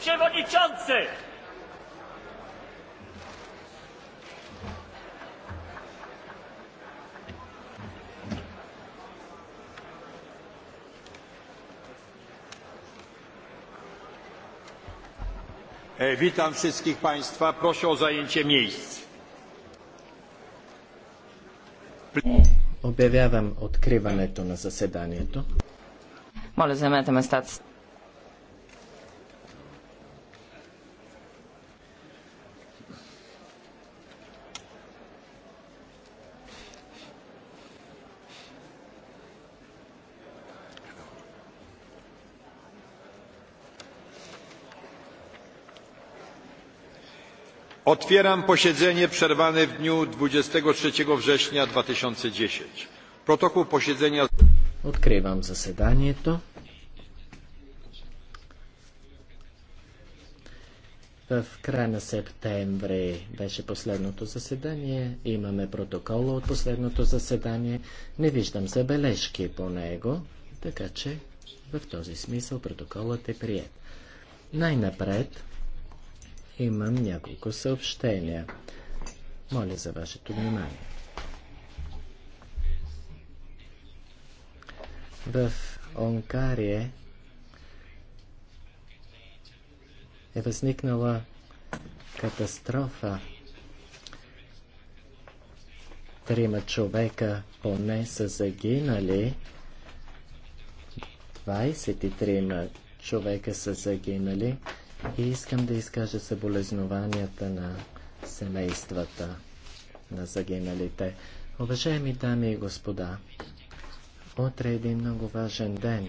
przewodniczący! Witam wszystkich Państwa. Proszę o zajęcie miejsc. Обявявам откриването на заседанието. Моля, заемете местата си. Otwieram posiedzenie przerwane w dniu 23 września 2010. Protokół posiedzenia. Откривам заседанието. В края на септември беше последното заседание. Имаме протокола от последното заседание. Не виждам забележки по него, така че в този смисъл протоколът е прият. Най-напред имам няколко съобщения. Моля за вашето внимание. В Онкария е възникнала катастрофа. Трима човека поне са загинали. 23 човека са загинали. И искам да изкажа съболезнованията на семействата на загиналите. Уважаеми дами и господа, утре е един много важен ден.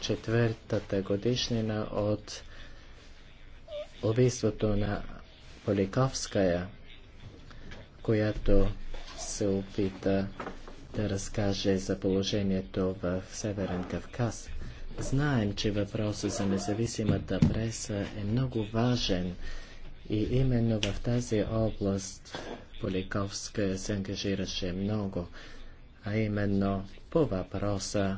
Четвъртата годишнина от убийството на Поликовская, която се опита да разкаже за положението в Северен Кавказ. Знаем, че въпросът за независимата преса е много важен и именно в тази област Поликовска се ангажираше много, а именно по въпроса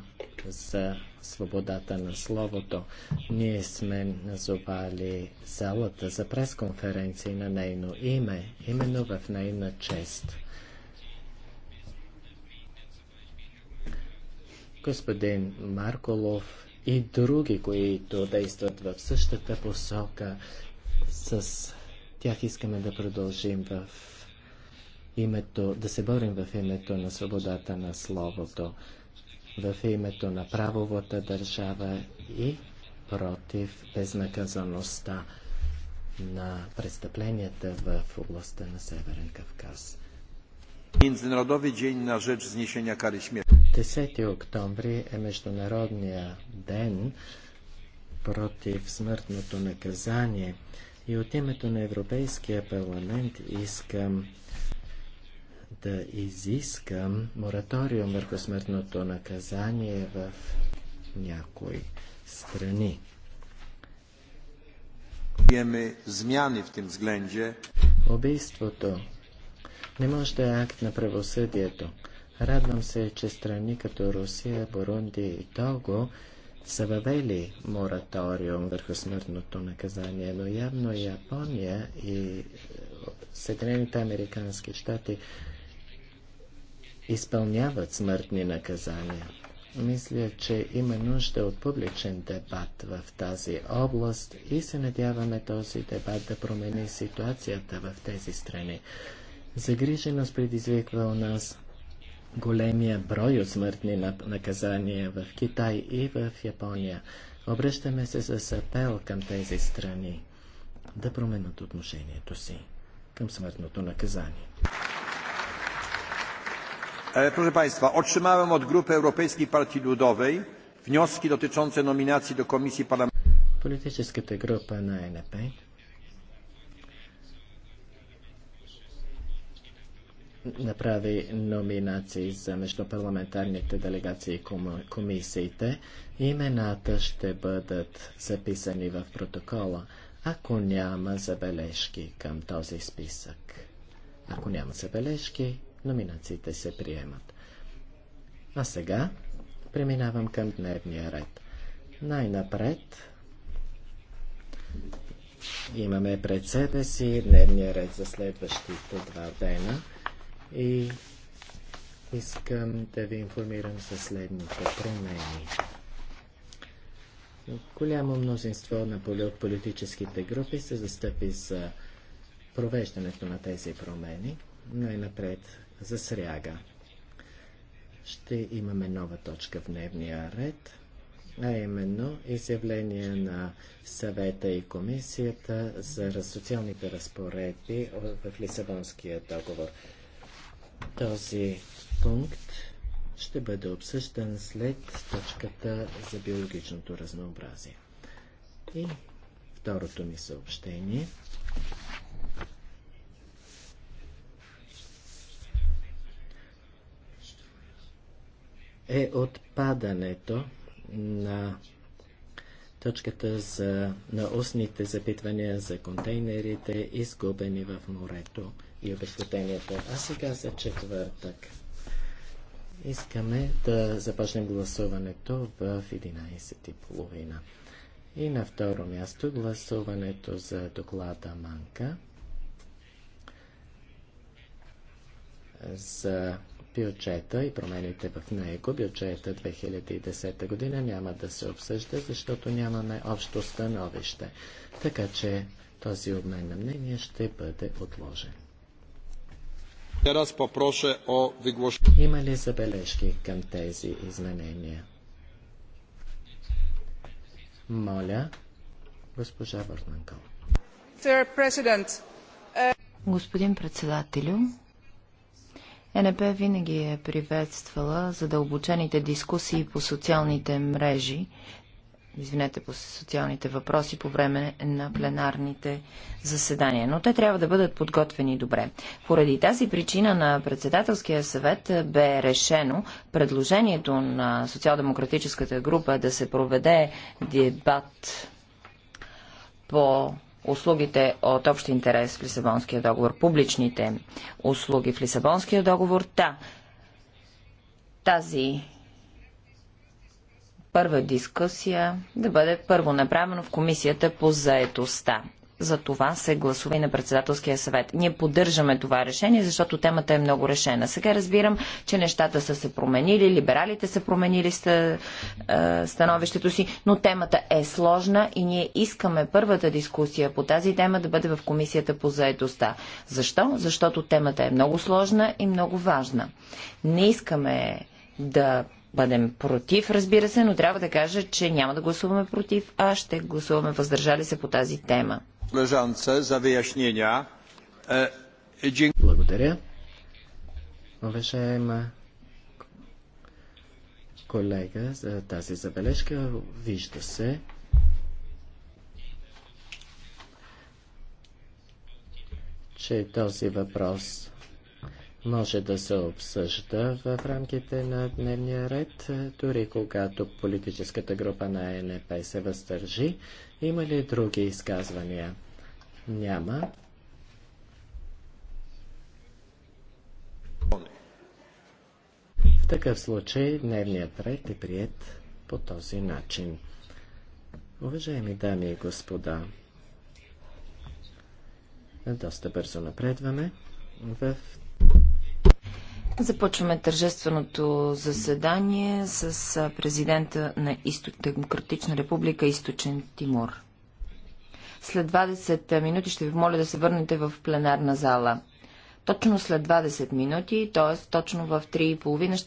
за свободата на словото. Ние сме назовали залата за пресконференции на нейно име, именно в нейна чест. Господин Марколов и други, които действат в същата посока. С тях искаме да продължим в името, да се борим в името на свободата на словото, в името на правовата държава и против безнаказаността на престъпленията в областта на Северен Кавказ. Международен ден на Rzecz знишения кари смерти. 10 октомври е Международния ден против смъртното наказание и от името на Европейския парламент искам да изискам мораториум върху смъртното наказание в някои страни. змяни в тим względzie. Убийството не може да е акт на правосъдието. Радвам се, че страни като Русия, Бурунди и Того са въвели мораториум върху смъртното наказание, но явно Япония и е, Съединените Американски щати изпълняват смъртни наказания. Мисля, че има нужда от публичен дебат в тази област и се надяваме този дебат да промени ситуацията в тези страни. Загриженост предизвиква у нас големия брой от смъртни наказания в Китай и в Япония. Обръщаме се с апел към тези страни да променят отношението си към смъртното наказание. Proszę Państwa, otrzymałem od Grupy Europejskiej Partii Ludowej wnioski dotyczące nominacji do Komisji Parlamentarnej. Polityczna grupa na NP направи номинации за междупарламентарните делегации и комисиите. Имената ще бъдат записани в протокола, ако няма забележки към този списък. Ако няма забележки, номинациите се приемат. А сега преминавам към дневния ред. Най-напред имаме пред себе си дневния ред за следващите два дена и искам да ви информирам за следните промени. Голямо мнозинство на политическите групи се застъпи за провеждането на тези промени. Най-напред за сряга. Ще имаме нова точка в дневния ред, а именно изявление на съвета и комисията за социалните разпоредби в Лисабонския договор. Този пункт ще бъде обсъждан след точката за биологичното разнообразие. И второто ми съобщение. е отпадането на точката за, на устните запитвания за контейнерите, изгубени в морето и обещетенията. А сега за четвъртък. Искаме да започнем гласуването в 11.30. И на второ място гласуването за доклада Манка за бюджета и промените в него. Бюджета 2010 година няма да се обсъжда, защото нямаме общо становище. Така че този обмен на мнение ще бъде отложен. Има ли забележки към тези изменения? Моля, госпожа Върнанкъл. Е, Господин председателю, НП винаги е приветствала задълбочените дискусии по социалните мрежи, извинете, по социалните въпроси по време на пленарните заседания. Но те трябва да бъдат подготвени добре. Поради тази причина на председателския съвет бе решено предложението на социал-демократическата група да се проведе дебат по услугите от общ интерес в Лисабонския договор, публичните услуги в Лисабонския договор, та тази първа дискусия да бъде първо направено в комисията по заетостта. За това се гласува и на председателския съвет. Ние поддържаме това решение, защото темата е много решена. Сега разбирам, че нещата са се променили, либералите са променили ста, е, становището си, но темата е сложна и ние искаме първата дискусия по тази тема да бъде в комисията по заедостта. Защо? Защото темата е много сложна и много важна. Не искаме да бъдем против, разбира се, но трябва да кажа, че няма да гласуваме против, а ще гласуваме въздържали се по тази тема. E, Благодаря. Уважаема колега за тази забележка, вижда се. че този въпрос може да се обсъжда в рамките на дневния ред, е, дори когато политическата група на ЕНП се въздържи. Има ли други изказвания? Няма. В такъв случай дневният ред е прият по този начин. Уважаеми дами и господа, доста бързо напредваме. В Започваме тържественото заседание с президента на Исток, Демократична република Източен Тимур. След 20 минути ще ви моля да се върнете в пленарна зала. Точно след 20 минути, т.е. точно в 3.30 ще